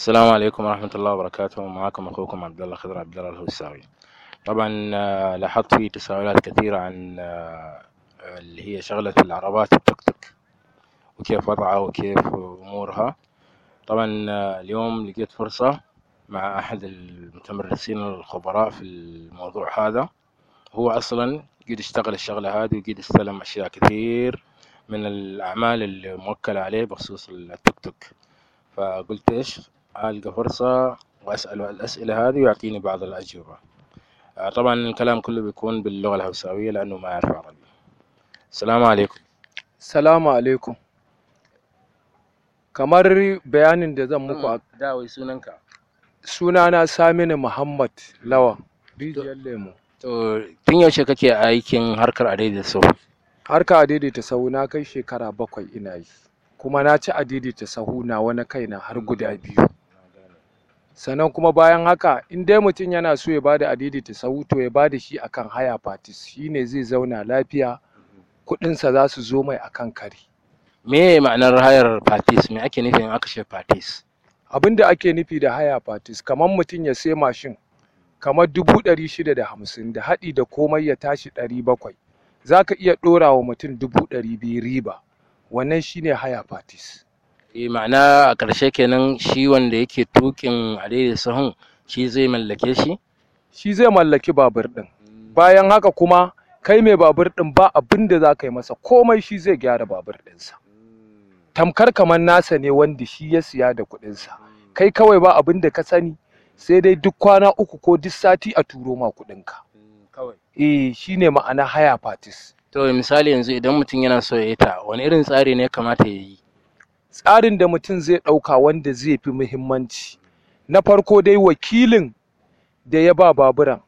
السلام عليكم ورحمة الله وبركاته معكم أخوكم عبد الله خضر عبد الله الهوساوي طبعا آه، لاحظت في تساؤلات كثيرة عن آه، اللي هي شغلة العربات التوك توك وكيف وضعها وكيف أمورها طبعا آه، اليوم لقيت فرصة مع أحد المتمرسين الخبراء في الموضوع هذا هو أصلا قد اشتغل الشغلة هذه وقد استلم أشياء كثير من الأعمال الموكلة عليه بخصوص التوك توك فقلت إيش ألقى فرصة وأسأله الأسئلة هذه ويعطيني بعض الأجوبة طبعا الكلام كله بيكون باللغة الهوساوية لأنه ما يعرف عربي السلام عليكم السلام عليكم kamar bayanin da zan muku dawai sunanka sunana Saminu Muhammad Lawan rijiyar lemo to tun yaushe kake aikin harkar adaidaita harka adaidaita sahu na kai shekara bakwai ina yi kuma na ci adaidaita sahu na wani kaina har guda biyu sannan kuma bayan haka in dai mutum yana so ya bada adidi ta sahu to ya bada shi akan haya fatis ne zai zauna lafiya kuɗinsa za su zo mai akan kari me ma'anar hayar fatis me ake nufi in aka ce fatis abin da ake nufi da haya fatis kamar mutum ya sai mashin kamar dubu ɗari shida da hamsin da haɗi da komai ya tashi ɗari bakwai za ka iya ɗora wa mutum dubu ɗari biyu riba wannan shine haya fatis eh ma'ana a ƙarshe kenan shi wanda yake tukin adaidai sahun shi zai mallake shi shi zai mallaki babur ɗin, bayan haka kuma kai mai babur ɗin ba abin da za ka yi masa komai shi zai gyara babur ɗinsa tamkar kamar nasa ne wanda shi ya siya da kuɗinsa kai kawai ba abin da ka sani sai dai duk kwana uku ko duk sati a turo ma kuɗinka kawai eh ne ma'ana haya fatis to misali yanzu idan mutum yana so ya yi ta wani irin tsari ne ya kamata ya yi tsarin da mutum zai ɗauka wanda zai fi muhimmanci na farko dai wakilin da ya ba baburan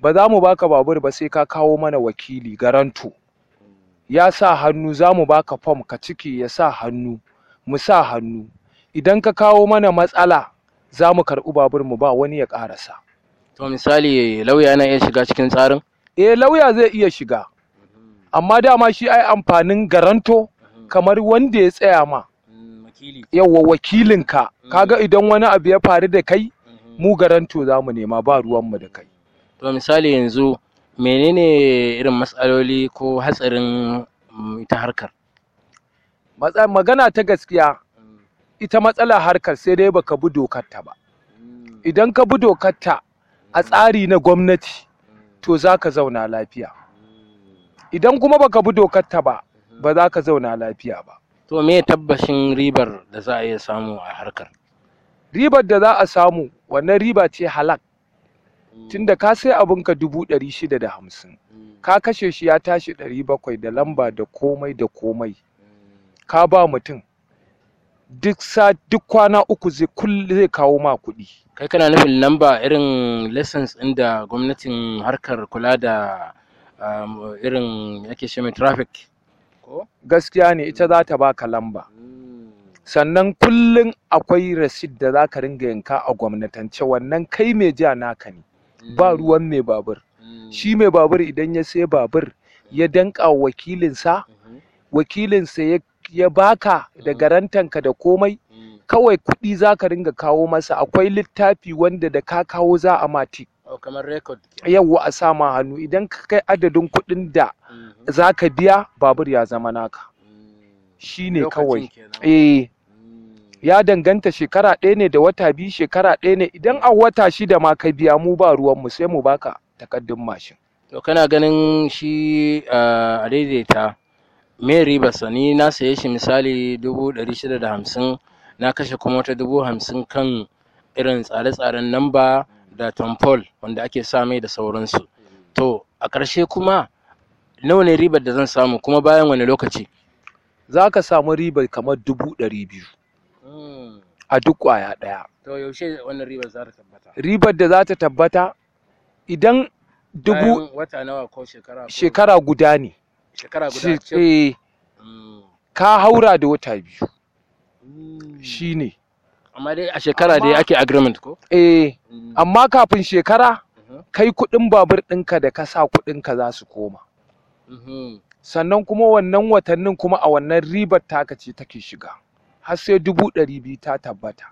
ba za mu baka babur ba sai ka kawo mana wakili garanto ya sa hannu za mu baka fam ka ciki ya sa hannu mu sa hannu idan ka kawo mana matsala za mu karɓi babur mu ba wani ya ƙarasa to misali lauya na iya shiga cikin tsarin eh lauya zai iya shiga amma dama shi ai amfanin garanto kamar wanda ya tsaya ma yawwa wakilinka mm. kaga idan wani abu ya faru da kai mm-hmm. mu garanto za mu nema ba ruwanmu da kai to misali yanzu menene irin matsaloli ko hatsarin mm, ita harkar magana ta gaskiya mm. ita matsala harkar sai dai baka bi dokar ba idan ka bi dokar a tsari na gwamnati to za ka zauna lafiya idan kuma baka bi dokar ba mm-hmm. ba za ka zauna lafiya ba to me tabbashin ribar da za a iya samu a harkar ribar da za a samu wannan riba ce halak tunda ka sai abinka dubu ɗari shida da hamsin ka kashe shi ya tashi ɗari bakwai da lamba da komai da komai ka ba mutum duk sa duk kwana uku zai zai kawo ma kuɗi kai kana nufin lamba irin lessons ɗin da gwamnatin harkar kula da um, irin yake shi traffic gaskiya ne ita za ta baka lamba sannan kullum akwai rasid da za ka ringa yanka a gwamnatance wannan kai mai jiya naka ne ba ruwan mai babur shi mai babur idan ya sai babur ya danka wakilinsa wakilinsa ya baka da garantanka da komai kawai kuɗi za ka ringa kawo masa akwai littafi wanda da ka kawo za a mati Yau yawwa a sama hannu idan ka kai adadin kuɗin da za ka biya babur ya zama naka mm. shi ne kawai eh mm. ya danganta shekara ɗaya ne da wata biyu shekara ɗaya ne idan a wata shida ma ka biya mu ba ruwanmu sai mu baka takardun mashin to kana ganin shi a ah, daidaita me ribarsa ni na saye shi misali dubu ɗari shida da hamsin na kashe kuma wata dubu hamsin kan irin tsare-tsaren namba da tamfol wanda ake sa mai da sauransu to a ƙarshe kuma nawa ne ribar da zan samu kuma bayan wani lokaci za ka samu ribar kamar dubu ɗari biyu hmm. a duk ƙwaya ɗaya to yaushe wannan ribar za ta tabbata ribar da za ta tabbata idan dubu wata nawa ko shekara shekara guda ne shekara guda ce eh. hmm. ka haura da wata biyu hmm. Shi ne. amma dai a shekara dai ake agreement ko eh amma kafin shekara uh-huh. kai kuɗin babur ɗinka da ka sa kuɗinka za su koma sannan kuma wannan watannin kuma a wannan ribar taka ce take shiga har sai dubu ɗari biyu ta tabbata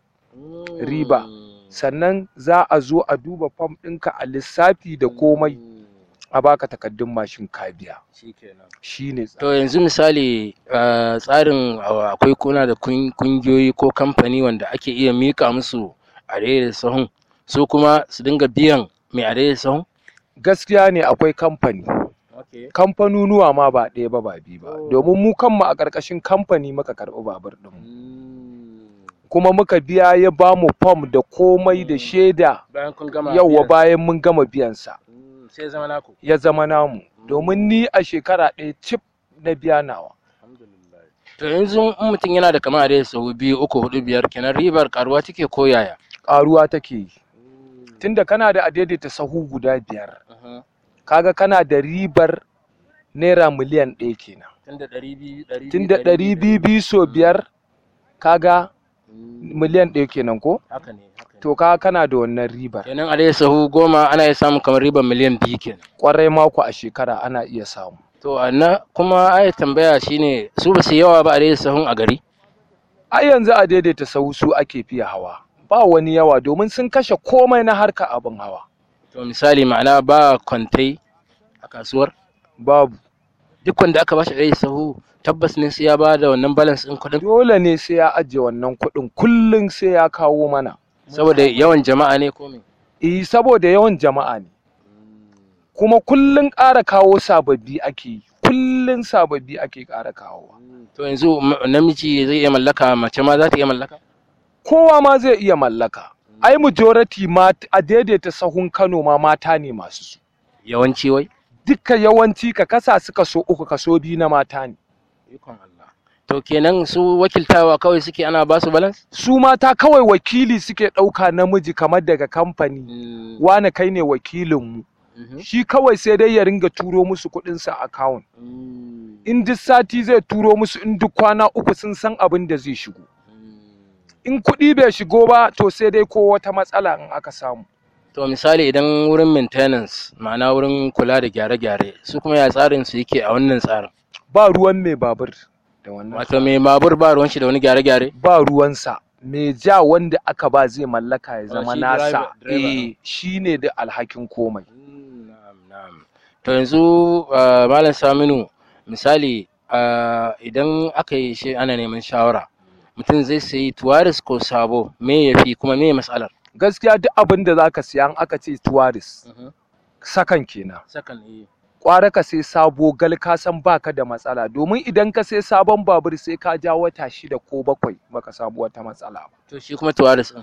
riba sannan za a zo a duba fam ɗinka a lissafi da komai a baka takaddun mashin ka biya shi ne to yanzu misali tsarin akwai kuna da kungiyoyi ko kamfani wanda ake iya mika musu a da sahun su kuma su dinga biyan mai a da sahun gaskiya ne akwai kamfani kamfanunuwa ma ba ɗaya ba ba biyu ba oh. domin mu kanmu a ƙarƙashin kamfani muka karɓi babur ɗinmu hmm. kuma muka biya ya ba mu fam da komai da hmm. shaida yauwa bayan mun gama biyansa hmm, ya zama namu domin ni a shekara ɗaya cif na biya nawa to yanzu mutum yana da kamar da sau biyu uku hudu biyar kenan ribar karuwa take ko yaya karuwa take tunda kana da adaidaita sahu guda biyar uh-huh. kaga kana da ribar naira miliyan ɗaya kenan tun da ɗari biyu biyu so biyar kaga mm. miliyan ɗaya kenan ko to kaga kana da wannan ribar kenan a sahu goma ana iya samu kamar ribar miliyan biyu kenan kwarai mako a shekara ana iya samu to anna kuma ai tambaya shine su ba su yawa ba a sahun a gari a yanzu a daidaita sahu su ake fiye hawa ba wani yawa domin sun kashe komai na harka abin hawa to misali ma'ana ba kwantai a kasuwar babu duk wanda aka bashi rai sahu tabbas ne sai ya ba da wannan balance din kuɗin dole ne sai ya ajiye wannan kuɗin kullum sai ya kawo mana saboda yawan jama'a ne ko me eh saboda yawan jama'a ne kuma kullum ƙara kawo sababbi ake yi kullum sababbi ake ƙara kawo. to yanzu namiji zai iya mallaka mace ma za ta iya mallaka kowa ma zai iya mallaka ai majority ma a daidaita sahun Kano ma mata ne masu su yawanci wai dukka yawanci ka kasa su kaso uku kaso biyu na mata ne ikon Allah to kenan su wakiltawa kawai suke ana ba su balance su mata kawai wakili suke ɗauka namiji kamar daga kamfani mm. kai ne wakilin mu mm -hmm. shi kawai sai dai ya ringa turo musu kuɗinsa a account mm. in duk sati zai turo musu in duk kwana uku sun san abin da zai shigo in kuɗi bai shigo ba to sai dai ko wata matsala in aka samu to misali idan wurin maintenance ma'ana wurin kula da gyare-gyare su kuma ya tsarin su yake a wannan tsarin ba ruwan mai babur da wannan wato mai babur ba ruwan shi da wani gyare-gyare ba ruwansa mai ja wanda aka ba zai mallaka ya ah, zama nasa eh shine da alhakin komai to yanzu ah, malam saminu misali ah, idan aka yi shi ana neman shawara mutum zai sayi tuwaris ko sabo me ya fi kuma me matsalar gaskiya duk abin da zaka siya an aka ce tuwaris mhm. sakan kenan sakan eh kwara ka sai sabo gal ka san baka da matsala domin idan ka sai sabon babur sai ka ja wata shida ko bakwai baka samu wata matsala ba to shi kuma tuwaris din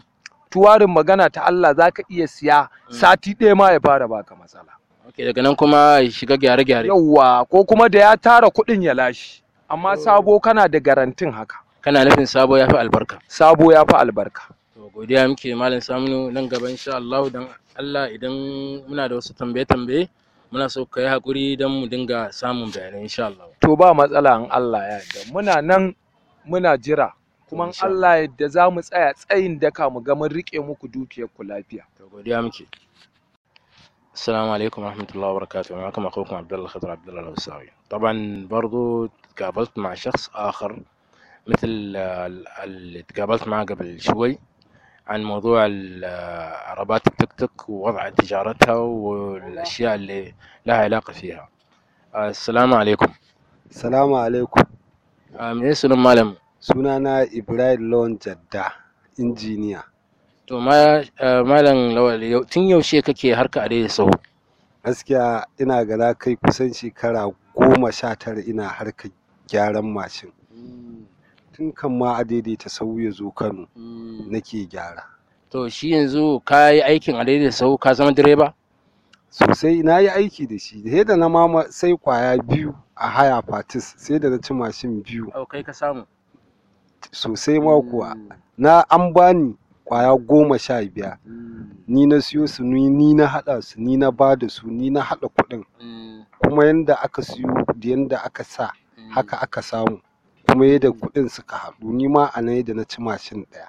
tuwarin magana ta Allah zaka iya siya mm. sati ɗaya ma ya fara baka matsala okay daga nan kuma shiga gyare gyare yawwa ko kuma da ya tara kuɗin ya lashi amma oh. sabo kana da garantin haka kana nufin sabo ya fi albarka sabo ya fi albarka to godiya muke malam saminu nan gaba insha Allah dan Allah idan muna da wasu tambaye tambaye muna so ka yi hakuri don mu dinga samun bayanai insha Allah to ba matsala in Allah ya yarda muna nan muna jira kuma Allah yadda za mu tsaya tsayin daka mu ga mun rike muku dukiyar ku lafiya. To godiya muke. Assalamu alaikum warahmatullahi wabarakatuh. Ma'akum akhukum Abdullah Khadir Abdullah Al-Basawi. Taban برضو تقابلت مع شخص آخر مثل آه، اللي تقابلت معه قبل شوي عن موضوع آه، عربات التيك توك ووضع تجارتها والاشياء اللي لها علاقه فيها آه، السلام عليكم السلام عليكم من اسم إيه المعلم سنانا ابراهيم لون جدا انجينير تو ما مالن لو اليو... تن يو شي كيكي هركا دي سو اسكيا انا غدا كاي كسان شكارا 19 انا harkar gyaran machine tun kan ma a daidaita sau ya zo kano hmm. nake gyara to shi yanzu ka yi aikin a daidaita sau ka zama direba sosai na yi aiki da shi sai da na mama sai kwaya biyu a haya fatis sai da na ci mashin biyu kai ka samu sosai ma hmm. kuwa na an bani kwaya goma sha biyar hmm. ni na siyo su ni na haɗa su ni na ba da su ni na haɗa kuɗin kuma yadda aka siyo da yadda aka sa haka aka samu kuma yadda kuɗin suka haɗu ni ma a nan yadda na ci mashin ɗaya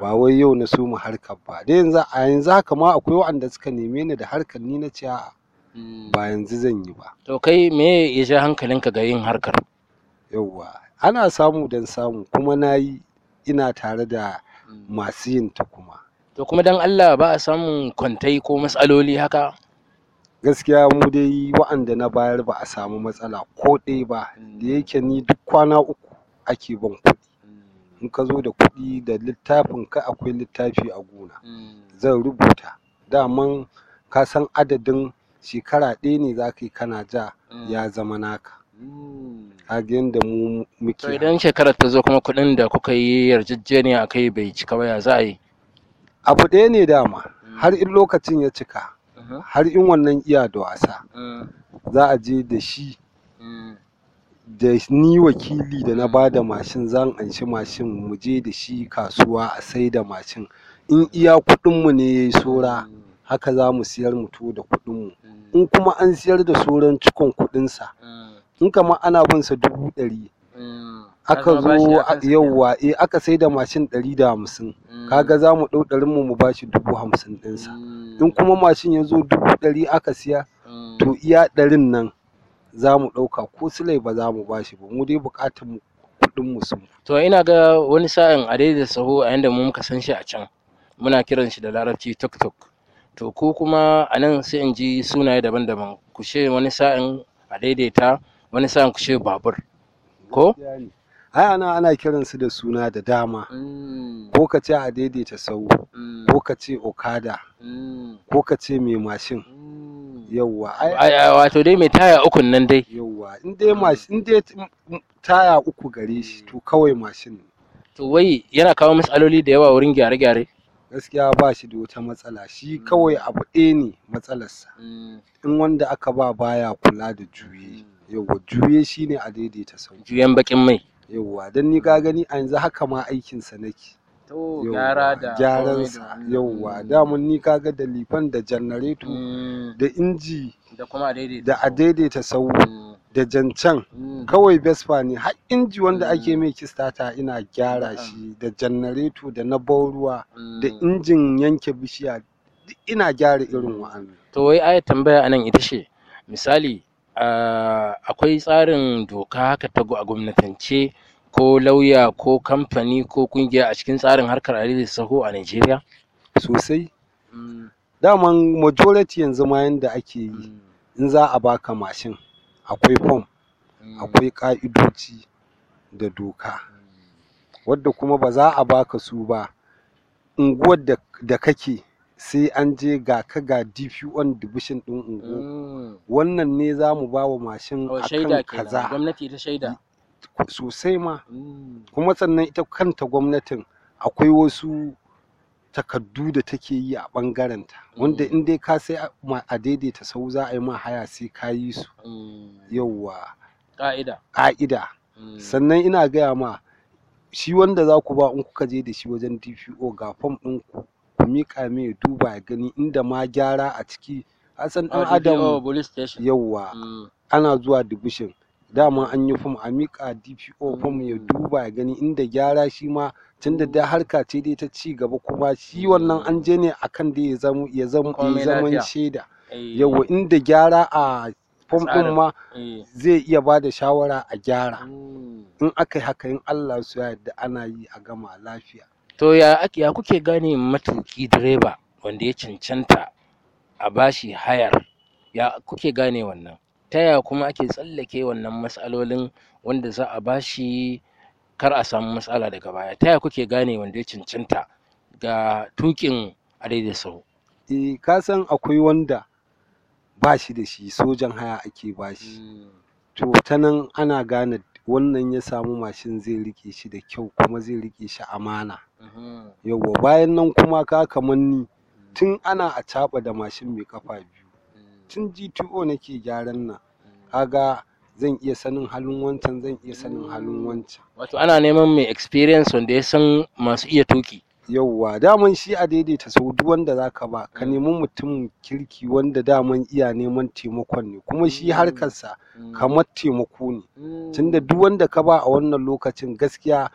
ba wai yau na so mu harkar ba dai yanzu a yanzu haka ma akwai waɗanda suka neme ni da harkar ni na ce a hmm. ba yanzu zan yi ba to kai me ya ja hankalinka ga yin harkar yauwa ana samu don samu kuma na yi ina tare da hmm. masu yin ta kuma to kuma don Allah ba a samun kwantai ko matsaloli haka gaskiya mu dai wa'anda na bayar ba a samu matsala ko ɗaya ba da yake ni duk kwana uku ake ban kuɗi hmm. in ka zo da kuɗi da littafin ka akwai littafi a gona hmm. zan rubuta daman ka san adadin shekara ɗaya ne za yi kana ja hmm. ya zama naka kage da mu muke idan shekarar ta zo kuma kuɗin da kuka yi yarjejeniya a kai bai cika ba ya za yi abu ɗaya ne dama har in lokacin ya cika har in wannan iya da wasa eh. za a je da shi eh. da ni wakili da na ba da mashin zan anshi mashin mu je da shi kasuwa a sai da mashin in iya kudinmu ne ya yi sora hmm. haka za mu siyar mutu da kudinmu hmm. in kuma an siyar da soran cikon kudinsa eh. in kama ana sa dubu ɗari hmm. aka zo yauwa eh aka sai da mashin ɗari da hamsin mm. kaga za mu ɗau ɗarin mu mu bashi dubu hamsin ɗinsa mm. in kuma mashin ya zo dubu ɗari aka siya mm. to iya ɗarin nan za mu ɗauka ko silai ba za mu bashi ba mu dai buƙatar mu kuɗin mu sun to ina ga wani sa'in a da saho a yanda mu muka san shi a can muna kiran shi da larabci tok-tok. to ko kuma a nan sai in ji sunaye daban-daban ku ce wani sa'in a daidaita wani sa'in ku ce babur ko ai ana ana kiransu da suna da dama mm. ko ka ce a daidaita sau mm. ko ka ce okada mm. ko ka ce mai mashin yawwa wato dai mai taya ukun nan dai yawwa in dai mashin in dai taya uku gare shi to kawai mashin to wai yana kawo matsaloli da yawa wurin gyare-gyare gaskiya ba shi da wata matsala shi kawai abu ɗaya ne matsalarsa in wanda aka ba baya kula da juye yawwa juye shine a daidaita sau juyen bakin mai yauwa don ni ka gani a yanzu haka ma aikinsa nake to gyara da gyaran sa yauwa mm. damun ni kaga da lifan da janareto mm. da inji da kuma da a daidaita sau mm. da jancan kawai vespa ne har inji wanda ake mai kistata ina gyara shi da janareto da na ban ruwa da injin yanke bishiya ina gyara irin wa'annan to wai aya tambaya anan ita ce misali Ah, akwai tsarin doka haka ta a gwamnatance ko lauya ko kamfani ko ƙungiya a cikin tsarin harkar adaidaita saho a Najeriya? Sosai. Mm. Daman majority yanzu ma yanda ake yi mm. in za a baka mashin akwai form mm. akwai ƙa'idoji da doka wadda kuma ba za a baka su ba unguwar da kake sai an je ga ka ga dpon division din ungo mm. wannan ne za mu ba wa mashin oh, akan kaza gwamnati ta shaida sosai ma mm. kuma sannan ita kanta gwamnatin akwai wasu takaddu da take yi a ɓangarenta wanda mm. in dai ka sai a daidaita sau za a yi ma haya sai ka yi su yauwa ƙa'ida sannan ina gaya ma shi wanda za ku ba in kuka je da shi wajen dpo ga fam ɗinku ku miƙa mai ya duba ya gani inda ma gyara a ciki an san dan oh, adam yauwa mm. ana zuwa dibishin dama an yi fom a miƙa dpo fam ya mm. duba ya gani inda gyara shi ma tun da harka ce dai ta ci gaba kuma shi wannan mm. an je ne kan da ya zama ya shaida eh. yauwa inda gyara a fam ɗin ma eh. zai iya ba da shawara a gyara in aka yi haka in allah su yarda ana yi a gama lafiya to ya kuke gane matuki direba wanda ya cancanta a bashi hayar ya kuke gane wannan ta ya kuma ake tsallake wannan matsalolin wanda za a bashi kar a samu matsala daga baya ta ya kuke gane wanda ya cancanta ga tukin adai sau eh ka san akwai wanda ba shi da shi sojan haya ake bashi hmm. to ta nan ana gane wannan ya samu mashin zai riƙe shi da kyau kuma zai rike shi amana yauwa bayan nan kuma ka kamar ni tun ana a caɓa da mashin mai kafa biyu mm. tun gto nake gyaran nan mm. kaga zan iya sanin halin wancan zan iya sanin halin mm. wancan wato ana neman mai experience wanda ya san masu iya tuƙi? yauwa daman shi a daidaita sau duk wanda zaka ba ka mm. nemi mutumin kirki wanda daman iya neman taimakon ne kuma shi mm. harkarsa mm. kamar taimako ne tunda duk wanda ka ba a wannan lokacin gaskiya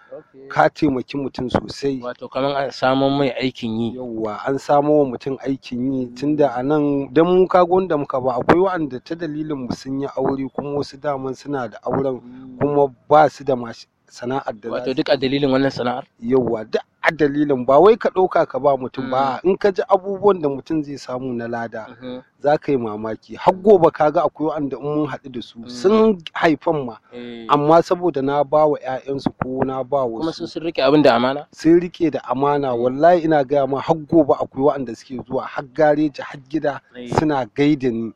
ka taimaki mutum sosai wato kamar an samo mai aikin yi yauwa an samo wa mutum aikin yi tunda a nan dan mu kaga wanda muka ba akwai wa'anda ta dalilin mu sun yi aure kuma wasu daman suna da auren kuma ba su da sana'ar da wato duk a dalilin wannan sana'ar yawwa duk a dalilin ba wai ka ɗauka ka ba mutum ba hmm. in ka ji abubuwan da mutum zai samu na lada uh-huh. za ka yi mamaki har gobe ka ga akwai wanda in mun haɗu da su hmm. sun haifan ma eh. amma saboda na ba wa ko na ba wa kuma sun rike abin da amana sun rike da amana eh. wallahi ina gaya ma har gobe akwai wanda suke zuwa har gareji har gida eh. suna gaida ni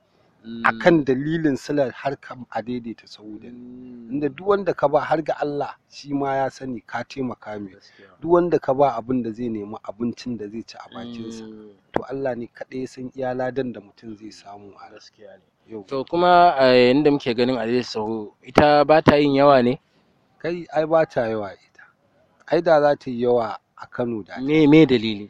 akan mm. dalilin silar harkar a daidaita sau da mm. inda duk wanda ka ba har ga Allah shi ma ya sani ka taimaka mai duk wanda ka ba abin da zai nemi abincin da zai ci a bakinsa mm. to Allah ne kaɗai ya san iya ladan da mutum zai samu a gaskiya ne. to kuma eh, a muke ganin adai sau ita ba ta yin yawa ne kai ai ba ta yawa ita ai da za ta yi yawa a Kano da me me dalili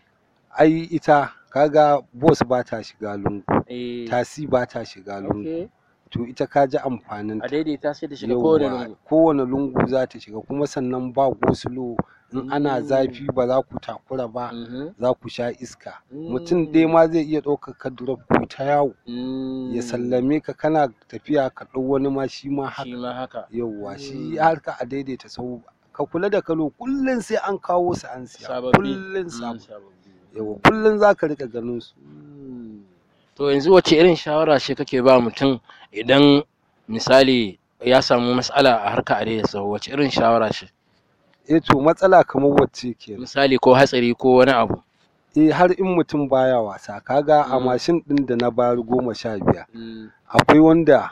ai ita kaga boss ba ta shiga lungu eh. tasi ba ta shiga lungu to ita ka ji amfanin a ta sai ta shiga kowane lungu kowane lungu za ta shiga kuma sannan ba goslo in ana mm. zafi ba za ku takura ba mm-hmm. za ku sha iska mm. mutum ɗaya ma zai iya ɗaukaka drop ko ta yawo mm. ya sallame ka kana tafiya ka ɗau wani ma shi ma haka yauwa shi harka a daidaita sau ka kula da kalo kullum sai an kawo su an siya kullum sababbi yau kullum za ka riƙa ganin su to yanzu wace irin shawara ce kake ba mutum idan misali ya samu matsala a harka a da wace irin shawara ce eh to matsala kamar wacce ke misali ko hatsari ko wani abu eh har in mutum baya wasa kaga a mm. mashin din da na bari goma sha biyar mm. akwai wanda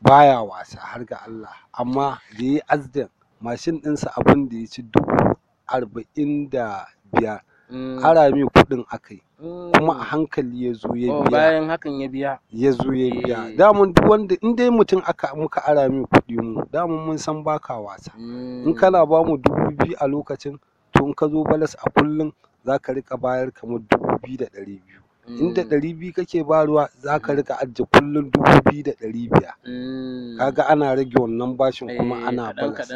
baya wasa har ga Allah amma da yi azdin mashin ɗinsa abin da ya ci dubu arba'in da biyar Mm. ara mai kuɗin akai mm. kuma a hankali ya zo ya oh, biya bayan hakan ya biya ya zo ya eh. biya damun duk wanda in dai mutum aka muka ara mai kuɗi mu damun mun san baka wasa mm. in kana ba mu dubu biyu a lokacin to in ka zo balas a kullum za ka rika bayar kamar dubu biyu da ɗari biyu inda ɗari biyu kake bayarwa za ka rika ajiye kullum dubu biyu da ɗari biyar kaga ana rage wannan bashin kuma eh, ana balas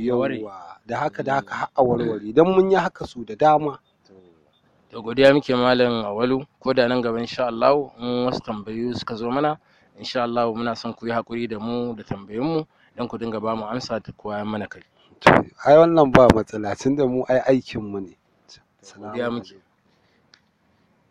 yawwa da haka da haka har a warware idan mun yi haka su da dama da godiya muke malam awalu ko da nan gaba insha Allah in wasu tambayoyi suka zo mana insha Allah muna son ku yi hakuri da mu da tambayoyin mu dan ku dinga ba mu amsa ta koya mana kai ai wannan ba matsala tunda mu ai aikin mu ne godiya muke